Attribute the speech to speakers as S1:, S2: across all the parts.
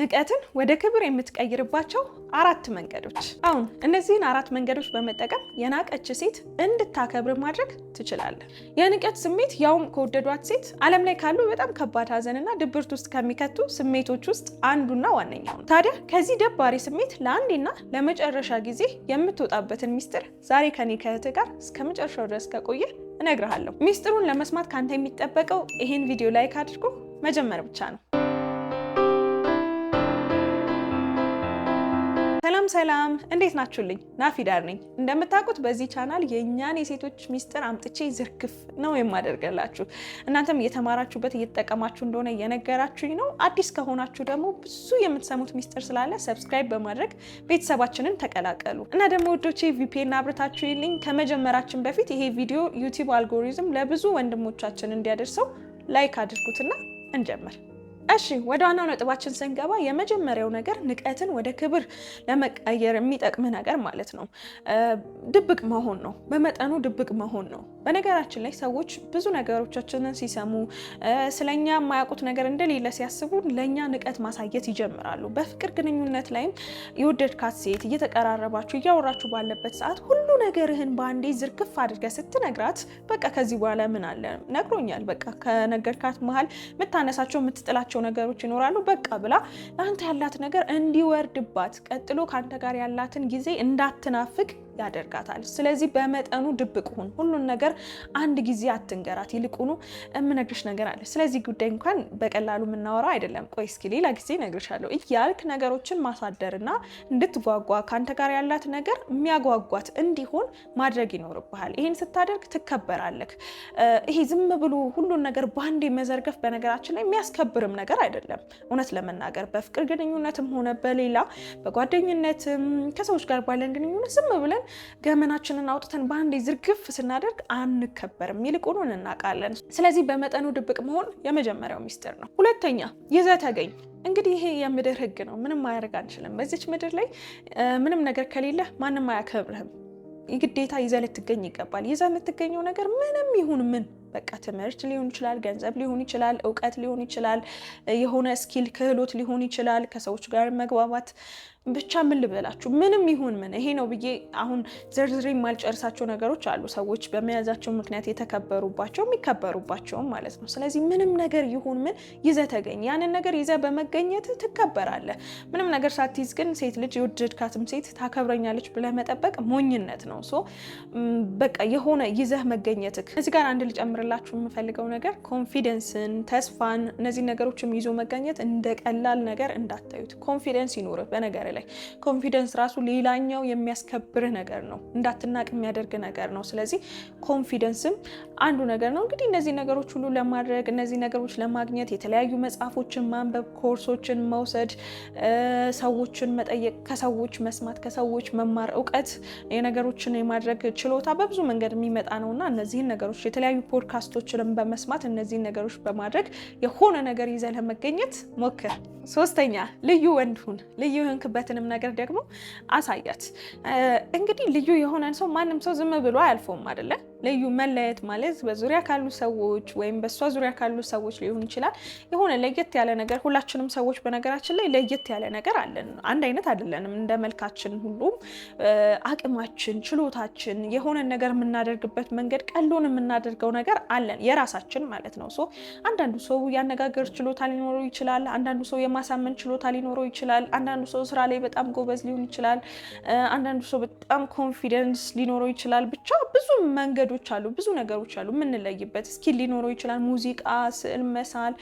S1: ንቀትን ወደ ክብር የምትቀይርባቸው አራት መንገዶች። አሁን እነዚህን አራት መንገዶች በመጠቀም የናቀች ሴት እንድታከብር ማድረግ ትችላለህ። የንቀት ስሜት ያውም ከወደዷት ሴት ዓለም ላይ ካሉ በጣም ከባድ ሐዘንና ድብርት ውስጥ ከሚከቱ ስሜቶች ውስጥ አንዱና ዋነኛው ነው። ታዲያ ከዚህ ደባሪ ስሜት ለአንዴና ለመጨረሻ ጊዜ የምትወጣበትን ሚስጥር ዛሬ ከኔ ከእህትህ ጋር እስከ መጨረሻው ድረስ ከቆየ እነግርሃለሁ። ሚስጥሩን ለመስማት ካንተ የሚጠበቀው ይህን ቪዲዮ ላይክ አድርጎ መጀመር ብቻ ነው።
S2: ሰላም ሰላም፣ እንዴት ናችሁልኝ? ናፊዳር ነኝ። እንደምታውቁት በዚህ ቻናል የእኛን የሴቶች ሚስጥር አምጥቼ ዝርክፍ ነው የማደርገላችሁ። እናንተም እየተማራችሁበት እየተጠቀማችሁ እንደሆነ እየነገራችሁኝ ነው። አዲስ ከሆናችሁ ደግሞ ብዙ የምትሰሙት ሚስጥር ስላለ ሰብስክራይብ በማድረግ ቤተሰባችንን ተቀላቀሉ እና ደግሞ ወዶቼ ቪፒኤን አብርታችሁ ይልኝ። ከመጀመራችን በፊት ይሄ ቪዲዮ ዩቲዩብ አልጎሪዝም ለብዙ ወንድሞቻችን እንዲያደርሰው ላይክ አድርጉትና እንጀምር። እሺ ወደ ዋናው ነጥባችን ስንገባ የመጀመሪያው ነገር ንቀትን ወደ ክብር ለመቀየር የሚጠቅም ነገር ማለት ነው ድብቅ መሆን ነው። በመጠኑ ድብቅ መሆን ነው። በነገራችን ላይ ሰዎች ብዙ ነገሮቻችንን ሲሰሙ ስለኛ የማያውቁት ነገር እንደሌለ ሲያስቡ ለእኛ ንቀት ማሳየት ይጀምራሉ። በፍቅር ግንኙነት ላይም የወደድካት ሴት እየተቀራረባችሁ እያወራችሁ ባለበት ሰዓት ሁሉ ነገርህን በአንዴ ዝርክፍ አድርገህ ስትነግራት በቃ ከዚህ በኋላ ምን አለ ነግሮኛል፣ በቃ ከነገርካት መሀል የምታነሳቸው የምትጥላቸው የምትላቸው ነገሮች ይኖራሉ። በቃ ብላ ለአንተ ያላት ነገር እንዲወርድባት ቀጥሎ ከአንተ ጋር ያላትን ጊዜ እንዳትናፍቅ ያደርጋታል። ስለዚህ በመጠኑ ድብቅ ሁን፣ ሁሉን ነገር አንድ ጊዜ አትንገራት። ይልቁኑ የምነግርሽ ነገር አለ፣ ስለዚህ ጉዳይ እንኳን በቀላሉ የምናወራው አይደለም፣ ቆይ እስኪ ሌላ ጊዜ እነግርሻለሁ እያልክ ነገሮችን ማሳደርና እንድትጓጓ ከአንተ ጋር ያላት ነገር የሚያጓጓት እንዲሆን ማድረግ ይኖርብሃል። ይህን ስታደርግ ትከበራለክ ይሄ ዝም ብሎ ሁሉን ነገር በአንዴ መዘርገፍ በነገራችን ላይ የሚያስከብርም ነገር አይደለም። እውነት ለመናገር በፍቅር ግንኙነትም ሆነ በሌላ በጓደኝነትም ከሰዎች ጋር ባለን ግንኙነት ዝም ብለን ገመናችንን አውጥተን በአንዴ ዝርግፍ ስናደርግ አንከበርም፣ ይልቁኑን እናውቃለን። ስለዚህ በመጠኑ ድብቅ መሆን የመጀመሪያው ሚስጥር ነው። ሁለተኛ ይዘህ ተገኝ። እንግዲህ ይሄ የምድር ህግ ነው። ምንም ማድረግ አንችልም። በዚች ምድር ላይ ምንም ነገር ከሌለ ማንም አያከብርህም። ግዴታ ይዘህ ልትገኝ ይገባል። ይዘህ የምትገኘው ነገር ምንም ይሁን ምን በቃ ትምህርት ሊሆን ይችላል፣ ገንዘብ ሊሆን ይችላል፣ እውቀት ሊሆን ይችላል፣ የሆነ ስኪል ክህሎት ሊሆን ይችላል፣ ከሰዎች ጋር መግባባት ብቻ ምን ልበላችሁ፣ ምንም ይሁን ምን ይሄ ነው ብዬ አሁን ዝርዝሬ የማልጨርሳቸው ነገሮች አሉ። ሰዎች በመያዛቸው ምክንያት የተከበሩባቸው የሚከበሩባቸውም ማለት ነው። ስለዚህ ምንም ነገር ይሁን ምን ይዘ ተገኝ። ያንን ነገር ይዘ በመገኘት ትከበራለህ። ምንም ነገር ሳትይዝ ግን ሴት ልጅ የወደድካትም ሴት ታከብረኛለች ብለህ መጠበቅ ሞኝነት ነው። ሶ በቃ የሆነ ይዘህ መገኘትህ። እዚህ ጋር አንድ ልጨምርላችሁ የምፈልገው ነገር ኮንፊደንስን፣ ተስፋን እነዚህ ነገሮችም ይዞ መገኘት እንደ ቀላል ነገር እንዳታዩት። ኮንፊደንስ ይኖርህ በነገር ጉዳይ ላይ ኮንፊደንስ ራሱ ሌላኛው የሚያስከብርህ ነገር ነው፣ እንዳትናቅ የሚያደርግ ነገር ነው። ስለዚህ ኮንፊደንስም አንዱ ነገር ነው። እንግዲህ እነዚህ ነገሮች ሁሉ ለማድረግ እነዚህ ነገሮች ለማግኘት የተለያዩ መጽሐፎችን ማንበብ፣ ኮርሶችን መውሰድ፣ ሰዎችን መጠየቅ፣ ከሰዎች መስማት፣ ከሰዎች መማር፣ እውቀት የነገሮችን የማድረግ ችሎታ በብዙ መንገድ የሚመጣ ነው እና እነዚህን ነገሮች የተለያዩ ፖድካስቶችንም በመስማት እነዚህን ነገሮች በማድረግ የሆነ ነገር ይዘህ ለመገኘት ሞክር። ሶስተኛ ልዩ ወንድ ሁን። ልዩ ያለችበትንም ነገር ደግሞ አሳያት። እንግዲህ ልዩ የሆነን ሰው ማንም ሰው ዝም ብሎ አያልፈውም አይደለም። ልዩ መለየት ማለት በዙሪያ ካሉ ሰዎች ወይም በእሷ ዙሪያ ካሉ ሰዎች ሊሆን ይችላል። የሆነ ለየት ያለ ነገር ሁላችንም ሰዎች በነገራችን ላይ ለየት ያለ ነገር አለን። አንድ አይነት አይደለንም። እንደ መልካችን ሁሉም አቅማችን፣ ችሎታችን፣ የሆነ ነገር የምናደርግበት መንገድ፣ ቀሎን የምናደርገው ነገር አለን የራሳችን ማለት ነው። ሶ አንዳንዱ ሰው ያነጋገር ችሎታ ሊኖረው ይችላል። አንዳንዱ ሰው የማሳመን ችሎታ ሊኖረው ይችላል። አንዳንዱ ሰው ስራ ላይ በጣም ጎበዝ ሊሆን ይችላል። አንዳንዱ ሰው በጣም ኮንፊደንስ ሊኖረው ይችላል። ብቻ ብዙ መንገድ መንገዶች አሉ፣ ብዙ ነገሮች አሉ የምንለይበት። ስኪል ሊኖረው ይችላል፣ ሙዚቃ፣ ስዕል መሳል፣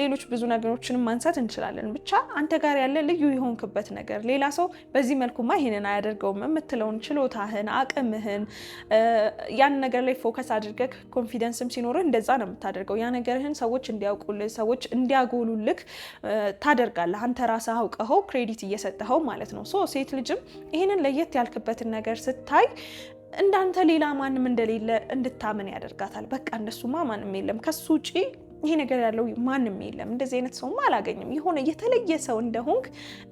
S2: ሌሎች ብዙ ነገሮችንም ማንሳት እንችላለን። ብቻ አንተ ጋር ያለ ልዩ የሆንክበት ነገር ሌላ ሰው በዚህ መልኩማ ይሄንን አያደርገውም የምትለውን ችሎታህን፣ አቅምህን ያን ነገር ላይ ፎከስ አድርገህ ኮንፊደንስም ሲኖርህ እንደዛ ነው የምታደርገው። ያ ነገርህን ሰዎች እንዲያውቁልህ፣ ሰዎች እንዲያጎሉልህ ታደርጋለህ። አንተ ራስህ አውቀኸው ክሬዲት እየሰጠኸው ማለት ነው። ሴት ልጅም ይህንን ለየት ያልክበትን ነገር ስታይ እንዳንተ ሌላ ማንም እንደሌለ እንድታምን ያደርጋታል። በቃ እንደሱማ ማንም የለም ከሱ ውጪ ይሄ ነገር ያለው ማንም የለም፣ እንደዚህ አይነት ሰው አላገኝም፣ የሆነ የተለየ ሰው እንደሆንክ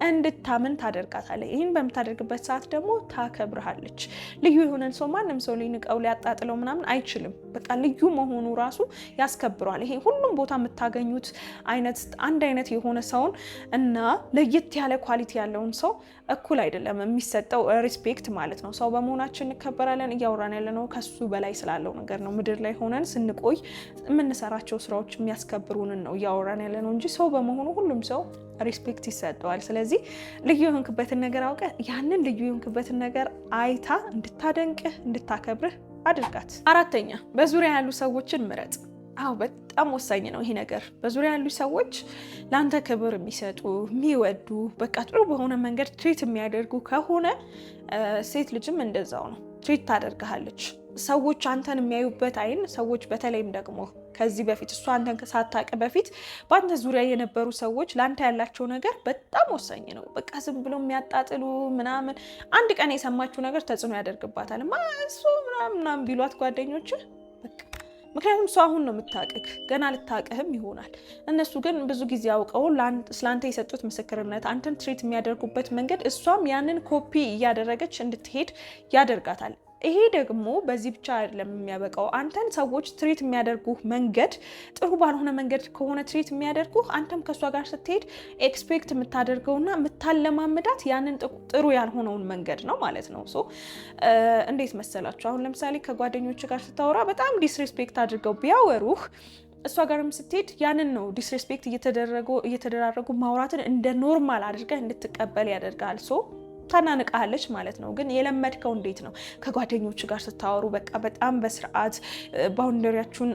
S2: እንድታምን ታደርጋታለህ። ይህን በምታደርግበት ሰዓት ደግሞ ታከብርሃለች። ልዩ የሆነን ሰው ማንም ሰው ሊንቀው ሊያጣጥለው ምናምን አይችልም። ልዩ መሆኑ ራሱ ያስከብረዋል። ይሄ ሁሉም ቦታ የምታገኙት አይነት አንድ አይነት የሆነ ሰውን እና ለየት ያለ ኳሊቲ ያለውን ሰው እኩል አይደለም የሚሰጠው ሪስፔክት ማለት ነው። ሰው በመሆናችን እንከበራለን። እያወራን ነው ከሱ በላይ ስላለው ነገር ነው። ምድር ላይ ሆነን ስንቆይ የምንሰራቸው ስራዎች የሚያስከብሩንን ነው እያወራን ነው እንጂ ሰው በመሆኑ ሁሉም ሰው ሪስፔክት ይሰጠዋል። ስለዚህ ልዩ የሆንክበትን ነገር አውቀ ያንን ልዩ የሆንክበትን ነገር አይታ እንድታደንቅህ እንድታከብርህ አድርጋት። አራተኛ በዙሪያ ያሉ ሰዎችን ምረጥ። አዎ በጣም ወሳኝ ነው ይሄ ነገር። በዙሪያ ያሉ ሰዎች ለአንተ ክብር የሚሰጡ የሚወዱ፣ በቃ ጥሩ በሆነ መንገድ ትሪት የሚያደርጉ ከሆነ ሴት ልጅም እንደዛው ነው ትሪት ታደርግሃለች። ሰዎች አንተን የሚያዩበት አይን ሰዎች በተለይም ደግሞ ከዚህ በፊት እሷ አንተን ሳታቅ በፊት በአንተ ዙሪያ የነበሩ ሰዎች ለአንተ ያላቸው ነገር በጣም ወሳኝ ነው። በቃ ዝም ብሎ የሚያጣጥሉ ምናምን፣ አንድ ቀን የሰማችው ነገር ተጽዕኖ ያደርግባታል። ማ እሱ ምናምን ቢሏት ጓደኞች ምክንያቱም እሷ አሁን ነው የምታቅህ፣ ገና ልታቅህም ይሆናል። እነሱ ግን ብዙ ጊዜ አውቀው ስለአንተ የሰጡት ምስክርነት፣ አንተን ትሪት የሚያደርጉበት መንገድ እሷም ያንን ኮፒ እያደረገች እንድትሄድ ያደርጋታል። ይሄ ደግሞ በዚህ ብቻ አይደለም የሚያበቃው። አንተን ሰዎች ትሬት የሚያደርጉህ መንገድ ጥሩ ባልሆነ መንገድ ከሆነ ትሬት የሚያደርጉህ አንተም ከእሷ ጋር ስትሄድ ኤክስፔክት የምታደርገውና የምታለማምዳት ያንን ጥሩ ያልሆነውን መንገድ ነው ማለት ነው። ሶ እንዴት መሰላችሁ? አሁን ለምሳሌ ከጓደኞች ጋር ስታወራ በጣም ዲስሪስፔክት አድርገው ቢያወሩህ እሷ ጋርም ስትሄድ ያንን ነው ዲስሪስፔክት እየተደራረጉ ማውራትን እንደ ኖርማል አድርገህ እንድትቀበል ያደርጋል ሶ ታናንቃለች ማለት ነው። ግን የለመድከው እንዴት ነው? ከጓደኞች ጋር ስታወሩ በቃ በጣም በስርዓት ባውንደሪያችሁን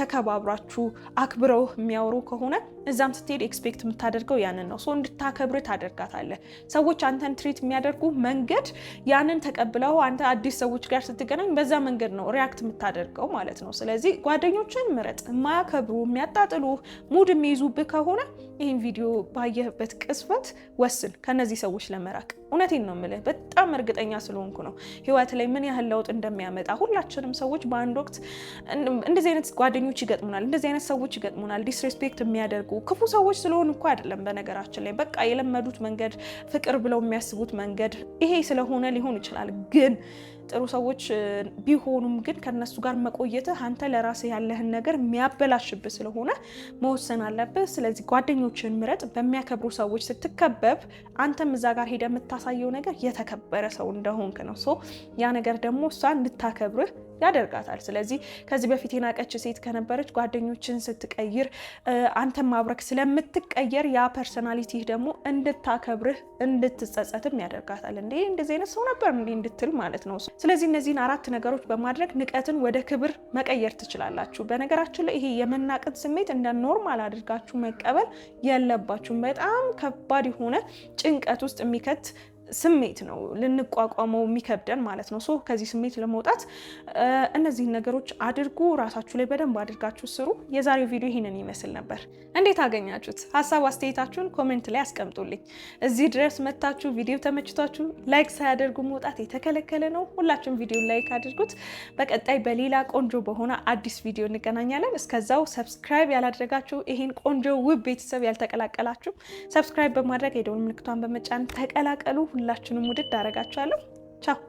S2: ተከባብራችሁ አክብረው የሚያወሩ ከሆነ እዛም ስትሄድ ኤክስፔክት የምታደርገው ያንን ነው። እንድታከብር ታደርጋታለ። ሰዎች አንተን ትሪት የሚያደርጉ መንገድ ያንን ተቀብለው አንተ አዲስ ሰዎች ጋር ስትገናኝ በዛ መንገድ ነው ሪያክት የምታደርገው ማለት ነው። ስለዚህ ጓደኞችን ምረጥ። የማያከብሩ የሚያጣጥሉ፣ ሙድ የሚይዙብህ ከሆነ ይህን ቪዲዮ ባየህበት ቅስበት ወስን ከነዚህ ሰዎች ለመራቅ። እውነቴን ነው የምልህ፣ በጣም እርግጠኛ ስለሆንኩ ነው ህይወት ላይ ምን ያህል ለውጥ እንደሚያመጣ። ሁላችንም ሰዎች በአንድ ወቅት እንደዚህ አይነት ጓደኞች ይገጥሙናል፣ እንደዚህ አይነት ሰዎች ይገጥሙናል፣ ዲስሬስፔክት የሚያደርጉ ክፉ ሰዎች ስለሆኑ እኮ አይደለም። በነገራችን ላይ በቃ የለመዱት መንገድ፣ ፍቅር ብለው የሚያስቡት መንገድ ይሄ ስለሆነ ሊሆን ይችላል ግን ጥሩ ሰዎች ቢሆኑም ግን ከነሱ ጋር መቆየትህ አንተ ለራስህ ያለህን ነገር የሚያበላሽብህ ስለሆነ መወሰን አለብህ። ስለዚህ ጓደኞችን ምረጥ። በሚያከብሩ ሰዎች ስትከበብ አንተም እዛ ጋር ሄደ የምታሳየው ነገር የተከበረ ሰው እንደሆንክ ነው። ሶ ያ ነገር ደግሞ እሷ እንድታከብርህ ያደርጋታል። ስለዚህ ከዚህ በፊት የናቀች ሴት ከነበረች ጓደኞችን ስትቀይር አንተ ማብረክ ስለምትቀየር ያ ፐርሰናሊቲህ ደግሞ እንድታከብርህ እንድትጸጸትም ያደርጋታል። እንዴ እንደዚህ አይነት ሰው ነበር እንዲህ እንድትል ማለት ነው። ስለዚህ እነዚህን አራት ነገሮች በማድረግ ንቀትን ወደ ክብር መቀየር ትችላላችሁ። በነገራችን ላይ ይሄ የመናቅን ስሜት እንደ ኖርማል አድርጋችሁ መቀበል የለባችሁም። በጣም ከባድ የሆነ ጭንቀት ውስጥ የሚከት ስሜት ነው ልንቋቋመው የሚከብደን ማለት ነው። ከዚህ ስሜት ለመውጣት እነዚህን ነገሮች አድርጉ። ራሳችሁ ላይ በደንብ አድርጋችሁ ስሩ። የዛሬው ቪዲዮ ይህንን ይመስል ነበር። እንዴት አገኛችሁት? ሀሳብ አስተያየታችሁን ኮሜንት ላይ አስቀምጡልኝ። እዚህ ድረስ መታችሁ ቪዲዮ ተመችቷችሁ ላይክ ሳያደርጉ መውጣት የተከለከለ ነው። ሁላችሁም ቪዲዮ ላይክ አድርጉት። በቀጣይ በሌላ ቆንጆ በሆነ አዲስ ቪዲዮ እንገናኛለን። እስከዛው ሰብስክራይብ ያላደረጋችሁ ይህን ቆንጆ ውብ ቤተሰብ ያልተቀላቀላችሁ ሰብስክራይብ በማድረግ የደውል ምልክቷን በመጫን ተቀላቀሉ። ሁላችንም ውድድ አደርጋችኋለሁ። ቻው